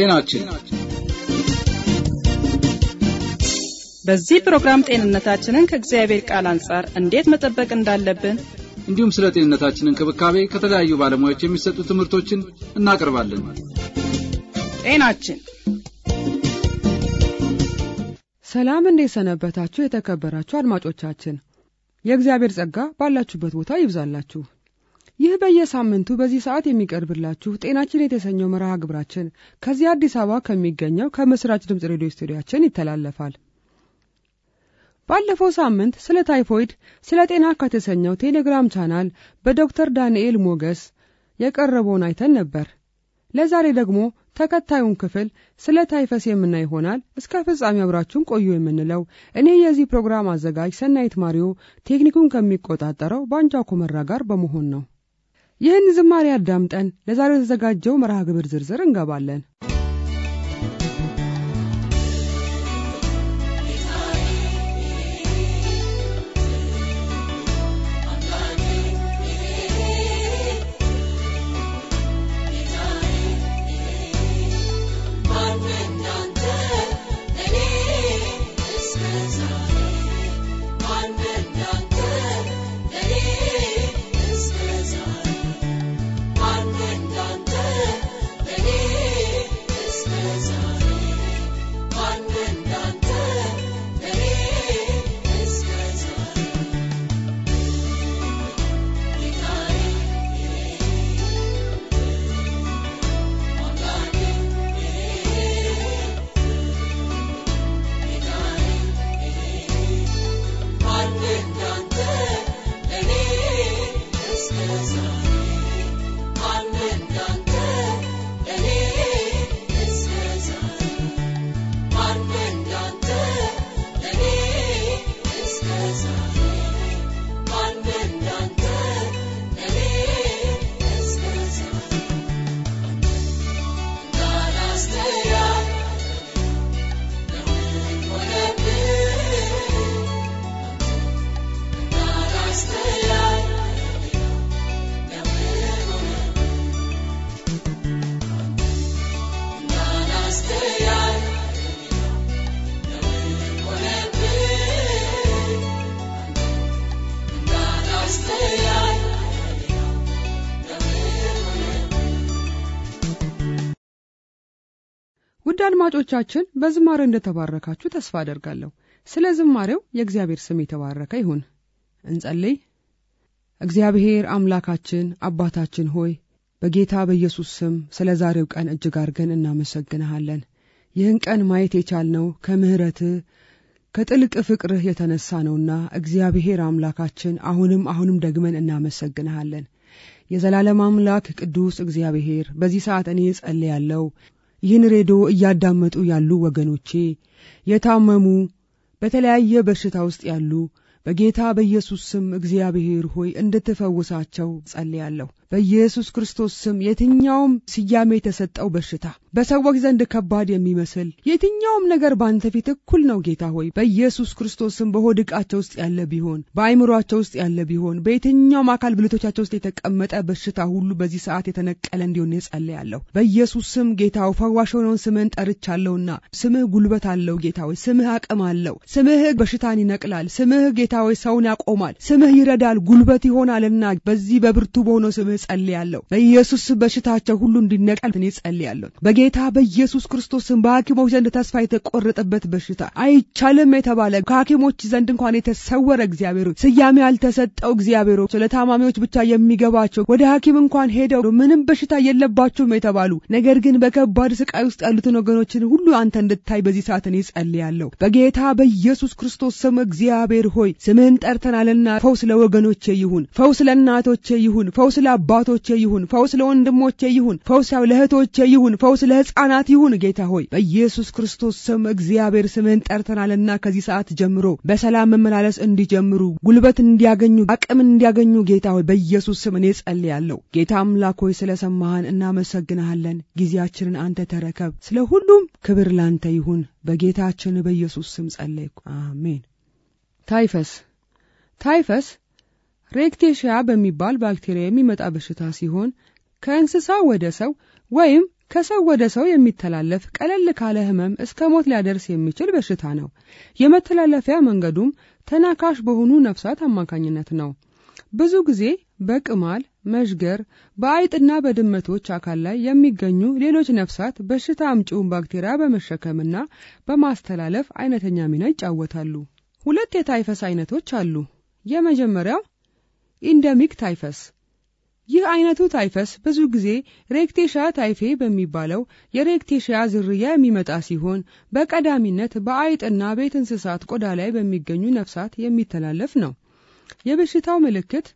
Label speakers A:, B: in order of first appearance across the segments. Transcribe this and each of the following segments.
A: ጤናችን በዚህ ፕሮግራም ጤንነታችንን ከእግዚአብሔር ቃል አንጻር እንዴት መጠበቅ እንዳለብን
B: እንዲሁም ስለ ጤንነታችን እንክብካቤ ከተለያዩ ባለሙያዎች የሚሰጡ ትምህርቶችን እናቀርባለን።
A: ጤናችን ሰላም፣ እንዴት ሰነበታችሁ? የተከበራችሁ አድማጮቻችን የእግዚአብሔር ጸጋ ባላችሁበት ቦታ ይብዛላችሁ። ይህ በየሳምንቱ በዚህ ሰዓት የሚቀርብላችሁ ጤናችን የተሰኘው መርሃ ግብራችን ከዚህ አዲስ አበባ ከሚገኘው ከምስራች ድምፅ ሬዲዮ ስቱዲያችን ይተላለፋል። ባለፈው ሳምንት ስለ ታይፎይድ ስለ ጤና ከተሰኘው ቴሌግራም ቻናል በዶክተር ዳንኤል ሞገስ የቀረበውን አይተን ነበር። ለዛሬ ደግሞ ተከታዩን ክፍል ስለ ታይፈስ የምናይ ይሆናል። እስከ ፍጻሜ አብራችሁን ቆዩ የምንለው እኔ የዚህ ፕሮግራም አዘጋጅ ሰናይት ማሪዮ፣ ቴክኒኩን ከሚቆጣጠረው ባንጃ ኮመራ ጋር በመሆን ነው። ይህን ዝማሬ አዳምጠን ለዛሬው የተዘጋጀው መርሃ ግብር ዝርዝር እንገባለን። ውድ አድማጮቻችን በዝማሬ እንደተባረካችሁ ተስፋ አደርጋለሁ። ስለ ዝማሬው የእግዚአብሔር ስም የተባረከ ይሁን። እንጸልይ። እግዚአብሔር አምላካችን አባታችን ሆይ በጌታ በኢየሱስ ስም ስለ ዛሬው ቀን እጅግ አድርገን እናመሰግንሃለን። ይህን ቀን ማየት የቻልነው ከምሕረትህ ከጥልቅ ፍቅርህ የተነሳ ነውና እግዚአብሔር አምላካችን አሁንም አሁንም ደግመን እናመሰግንሃለን። የዘላለም አምላክ ቅዱስ እግዚአብሔር በዚህ ሰዓት እኔ ጸልያለሁ ይህን ሬዲዮ እያዳመጡ ያሉ ወገኖቼ የታመሙ በተለያየ በሽታ ውስጥ ያሉ በጌታ በኢየሱስ ስም እግዚአብሔር ሆይ እንድትፈውሳቸው ጸልያለሁ። በኢየሱስ ክርስቶስ ስም የትኛውም ስያሜ የተሰጠው በሽታ በሰዎች ዘንድ ከባድ የሚመስል የትኛውም ነገር በአንተ ፊት እኩል ነው። ጌታ ሆይ በኢየሱስ ክርስቶስ ስም በሆድ ዕቃቸው ውስጥ ያለ ቢሆን፣ በአይምሯቸው ውስጥ ያለ ቢሆን፣ በየትኛውም አካል ብልቶቻቸው ውስጥ የተቀመጠ በሽታ ሁሉ በዚህ ሰዓት የተነቀለ እንዲሆን እጸልያለሁ። በኢየሱስ ስም ጌታው ፈዋሽ ሆነውን ስምህን ጠርቻለሁና ስምህ ጉልበት አለው። ጌታ ሆይ ስምህ አቅም አለው። ስምህ በሽታን ይነቅላል። ስምህ ጌታ ሆይ ሰውን ያቆማል። ስምህ ይረዳል፣ ጉልበት ይሆናልና በዚህ በብርቱ በሆነው ስምህ ጸልያለሁ። በኢየሱስ በሽታቸው ሁሉ እንዲነቀል እኔ እጸልያለሁ። በጌታ በኢየሱስ ክርስቶስም በሐኪሞች ዘንድ ተስፋ የተቆረጠበት በሽታ አይቻልም የተባለ ከሐኪሞች ዘንድ እንኳን የተሰወረ እግዚአብሔር ስያሜ ያልተሰጠው እግዚአብሔር ስለ ታማሚዎች ብቻ የሚገባቸው ወደ ሐኪም እንኳን ሄደው ምንም በሽታ የለባቸውም የተባሉ ነገር ግን በከባድ ስቃይ ውስጥ ያሉትን ወገኖችን ሁሉ አንተ እንድታይ በዚህ ሰዓት እኔ ጸልያለሁ። በጌታ በኢየሱስ ክርስቶስ ስም እግዚአብሔር ሆይ ስምህን ጠርተናልና ፈውስ ለወገኖቼ ይሁን፣ ፈውስ ለእናቶቼ ይሁን፣ ፈውስ ለአ ለአባቶቼ ይሁን፣ ፈውስ ለወንድሞቼ ይሁን፣ ፈውስ ለእህቶቼ ይሁን፣ ፈውስ ለሕፃናት ይሁን። ጌታ ሆይ በኢየሱስ ክርስቶስ ስም እግዚአብሔር ስምህን ጠርተናልና ከዚህ ሰዓት ጀምሮ በሰላም መመላለስ እንዲጀምሩ ጉልበት እንዲያገኙ አቅም እንዲያገኙ ጌታ ሆይ በኢየሱስ ስም እኔ ጸልያለሁ። ጌታ አምላክ ሆይ ስለሰማህን እናመሰግንሃለን። ጊዜያችንን አንተ ተረከብ። ስለ ሁሉም ክብር ላንተ ይሁን። በጌታችን በኢየሱስ ስም ጸለይኩ፣ አሜን። ታይፈስ ታይፈስ ሬክቴሽያ በሚባል ባክቴሪያ የሚመጣ በሽታ ሲሆን ከእንስሳ ወደ ሰው ወይም ከሰው ወደ ሰው የሚተላለፍ ቀለል ካለ ህመም እስከ ሞት ሊያደርስ የሚችል በሽታ ነው። የመተላለፊያ መንገዱም ተናካሽ በሆኑ ነፍሳት አማካኝነት ነው። ብዙ ጊዜ በቅማል መዥገር፣ በአይጥና በድመቶች አካል ላይ የሚገኙ ሌሎች ነፍሳት በሽታ አምጪውን ባክቴሪያ በመሸከምና በማስተላለፍ አይነተኛ ሚና ይጫወታሉ። ሁለት የታይፈስ አይነቶች አሉ። የመጀመሪያው ኢንደሚክ ታይፈስ ይህ አይነቱ ታይፈስ ብዙ ጊዜ ሬክቴሻ ታይፌ በሚባለው የሬክቴሻ ዝርያ የሚመጣ ሲሆን በቀዳሚነት በአይጥና ቤት እንስሳት ቆዳ ላይ በሚገኙ ነፍሳት የሚተላለፍ ነው። የበሽታው ምልክት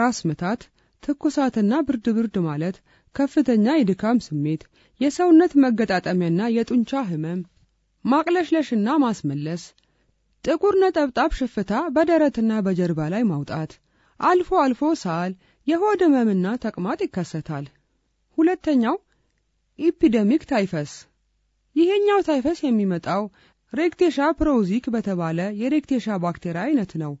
A: ራስ ምታት፣ ትኩሳትና ብርድ ብርድ ማለት፣ ከፍተኛ የድካም ስሜት፣ የሰውነት መገጣጠሚያና የጡንቻ ህመም፣ ማቅለሽለሽና ማስመለስ፣ ጥቁር ነጠብጣብ ሽፍታ በደረትና በጀርባ ላይ ማውጣት አልፎ አልፎ ሳል፣ የሆድ ህመምና ተቅማጥ ይከሰታል። ሁለተኛው ኢፒደሚክ ታይፈስ። ይሄኛው ታይፈስ የሚመጣው ሬክቴሻ ፕሮዚክ በተባለ የሬክቴሻ ባክቴሪያ አይነት ነው።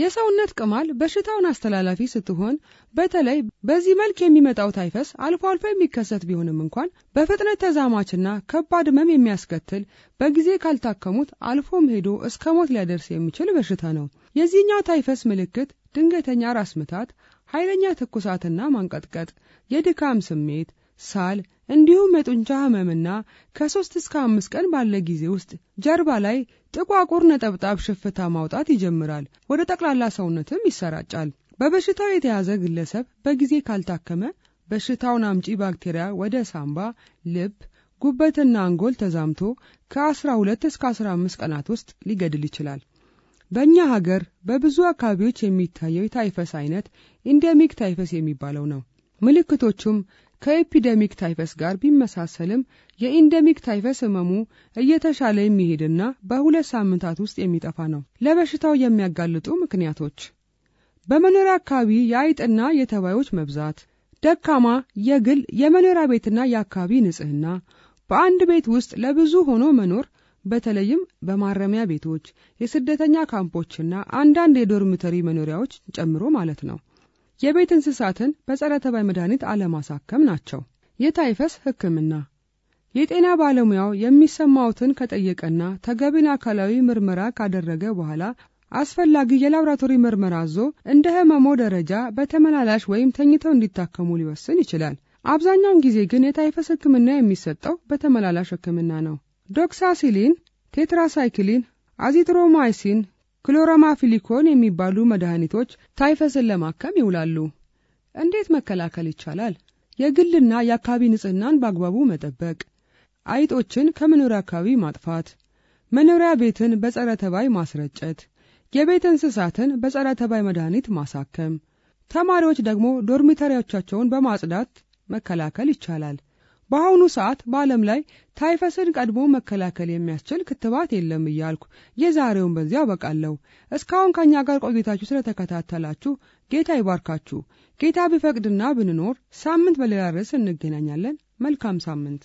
A: የሰውነት ቅማል በሽታውን አስተላላፊ ስትሆን በተለይ በዚህ መልክ የሚመጣው ታይፈስ አልፎ አልፎ የሚከሰት ቢሆንም እንኳን በፍጥነት ተዛማችና ከባድ ህመም የሚያስከትል በጊዜ ካልታከሙት አልፎም ሄዶ እስከ ሞት ሊያደርስ የሚችል በሽታ ነው። የዚህኛው ታይፈስ ምልክት ድንገተኛ ራስ ምታት፣ ኃይለኛ ትኩሳትና ማንቀጥቀጥ፣ የድካም ስሜት፣ ሳል እንዲሁም የጡንቻ ህመምና ከሶስት እስከ አምስት ቀን ባለ ጊዜ ውስጥ ጀርባ ላይ ጥቋቁር ነጠብጣብ ሽፍታ ማውጣት ይጀምራል። ወደ ጠቅላላ ሰውነትም ይሰራጫል። በበሽታው የተያዘ ግለሰብ በጊዜ ካልታከመ በሽታውን አምጪ ባክቴሪያ ወደ ሳምባ፣ ልብ፣ ጉበትና አንጎል ተዛምቶ ከ12 እስከ 15 ቀናት ውስጥ ሊገድል ይችላል። በእኛ ሀገር በብዙ አካባቢዎች የሚታየው የታይፈስ አይነት ኢንደሚክ ታይፈስ የሚባለው ነው። ምልክቶቹም ከኤፒደሚክ ታይፈስ ጋር ቢመሳሰልም የኢንደሚክ ታይፈስ ህመሙ እየተሻለ የሚሄድና በሁለት ሳምንታት ውስጥ የሚጠፋ ነው። ለበሽታው የሚያጋልጡ ምክንያቶች በመኖሪያ አካባቢ የአይጥና የተባዮች መብዛት፣ ደካማ የግል የመኖሪያ ቤትና የአካባቢ ንጽህና፣ በአንድ ቤት ውስጥ ለብዙ ሆኖ መኖር በተለይም በማረሚያ ቤቶች፣ የስደተኛ ካምፖችና አንዳንድ የዶርሚተሪ መኖሪያዎች ጨምሮ ማለት ነው። የቤት እንስሳትን በጸረ ተባይ መድኃኒት አለማሳከም ናቸው። የታይፈስ ሕክምና የጤና ባለሙያው የሚሰማውትን ከጠየቀና ተገቢን አካላዊ ምርመራ ካደረገ በኋላ አስፈላጊ የላብራቶሪ ምርመራ አዞ እንደ ህመሞ ደረጃ በተመላላሽ ወይም ተኝተው እንዲታከሙ ሊወስን ይችላል። አብዛኛውን ጊዜ ግን የታይፈስ ሕክምና የሚሰጠው በተመላላሽ ሕክምና ነው። ዶክሳሲሊን፣ ቴትራሳይክሊን፣ አዚትሮማይሲን፣ ክሎራማፊሊኮን የሚባሉ መድኃኒቶች ታይፈስን ለማከም ይውላሉ። እንዴት መከላከል ይቻላል? የግልና የአካባቢ ንጽህናን በአግባቡ መጠበቅ፣ አይጦችን ከመኖሪያ አካባቢ ማጥፋት፣ መኖሪያ ቤትን በጸረ ተባይ ማስረጨት፣ የቤት እንስሳትን በጸረ ተባይ መድኃኒት ማሳከም፣ ተማሪዎች ደግሞ ዶርሚተሪያዎቻቸውን በማጽዳት መከላከል ይቻላል። በአሁኑ ሰዓት በዓለም ላይ ታይፈስን ቀድሞ መከላከል የሚያስችል ክትባት የለም እያልኩ የዛሬውን በዚያ አበቃለሁ። እስካሁን ከእኛ ጋር ቆይታችሁ ስለተከታተላችሁ ጌታ ይባርካችሁ። ጌታ ቢፈቅድና ብንኖር ሳምንት በሌላ ርዕስ እንገናኛለን። መልካም ሳምንት።